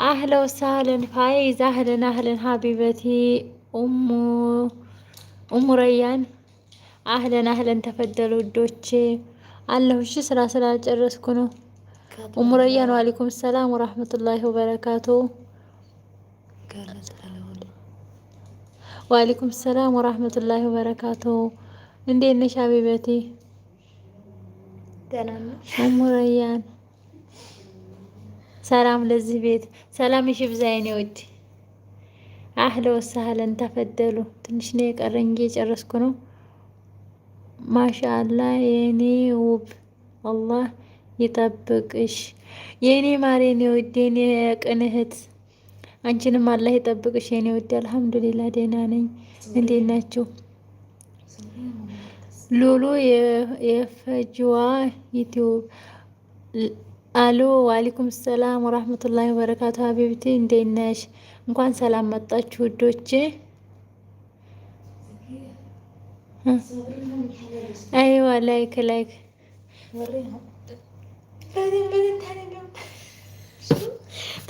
أهلا وسهلا فايز أهلا أهلا حبيبتي أم أم ريان أهلا أهلا تفضلوا الدوتشي الله وش سرا سرا جرسكنو أم ريان وعليكم السلام ورحمة الله وبركاته وعليكم السلام ورحمة الله وبركاته عندي النشا حبيبتي أم ريان ሰላም ለዚህ ቤት ሰላም ይሽብ ዛይኔ ውድ አህለ ወሳህለን ተፈደሉ። ትንሽ ነው የቀረኝ እየጨረስኩ ነው። ማሻአላ የኔ ውብ አላህ ይጠብቅሽ የኔ ማር የኔ ውድ የኔ ቅን እህት አንቺንም አላህ ይጠብቅሽ የኔ ውድ። አልሐምዱሊላ ደህና ነኝ። እንዴት ናችሁ? ሉሉ የፈጅዋ ዩቲዩብ አሎ ዋሊኩም ሰላም ወራህመቱላሂ ወበረካቱ። ሀቢብቲ እንዴት ነሽ? እንኳን ሰላም መጣችሁ ውዶቼ። አይዋ ላይክ ላይክ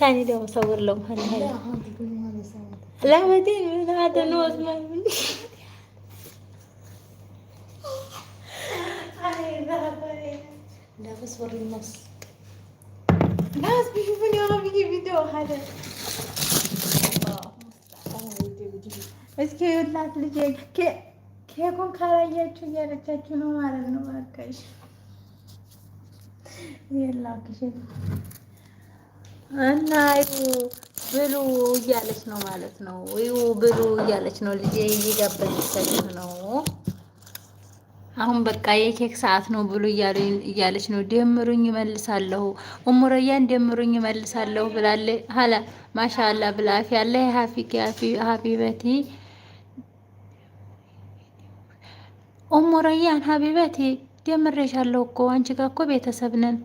ታኒ ደግሞ ሰውር ለምሃል ላመቴን ምን አደነ ወሪ ነፍስ Biraz bir milyon bir video እስኪ ሁላት ልጅ ኬኩን ካላያችሁ እያለቻችሁ ነው ማለት ነው። እባክሽ የላክሽ እና ብሉ እያለች ነው ማለት ነው። ብሉ እያለች ነው ልጄ እየጋበዘቻችሁ ነው አሁን በቃ የኬክ ሰዓት ነው ብሎ እያለች ነው። ደምሩኝ ይመልሳለሁ፣ እሙረያን ደምሩኝ ይመልሳለሁ ብላለ ሀላ ማሻላ ብላፊ ያለ ሀፊክ ሀቢበቲ እሙረያን ሀቢበቲ ደምሬሻለሁ እኮ አንቺ ጋር እኮ ቤተሰብ ነን።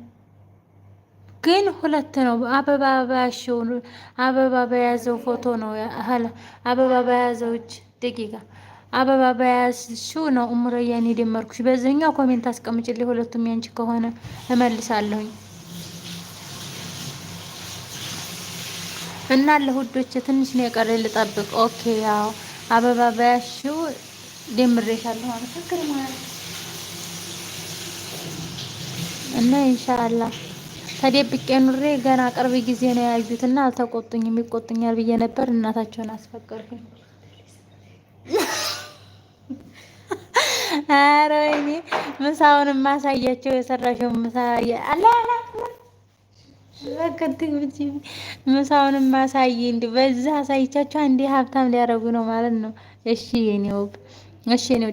ግን ሁለት ነው። አበባ በያዘው አበባ በያዘው ፎቶ ነው። ሀላ አበባ በያዘው እጅ ደቂቃ አበባ በያዝሽው ነው እሙረያ እኔ ደመርኩሽ። በዚህኛው ኮሜንት አስቀምጭልኝ፣ ሁለቱም ያንቺ ከሆነ እመልሳለሁኝ። እና ለሁዶች ትንሽ ነው የቀረ ልጠብቅ። ኦኬ፣ ያው አበባ በያዝሽው ደምሬሻለሁ ማለት ማለት እና ኢንሻአላ ተደብቄ ኑሬ ገና ቅርብ ጊዜ ነው ያዩት እና አልተቆጡኝም። ይቆጡኛል ብዬ ነበር። እናታቸውን አስፈቀርኩኝ። ኧረ ወይኔ ምሳውን ማሳያቸው የሰራሽው ምሳ አለ አለ ምሳውን ማሳይ በዛ አሳይቻቸው ሀብታም ነው ማለት ነው። እሺ እሺ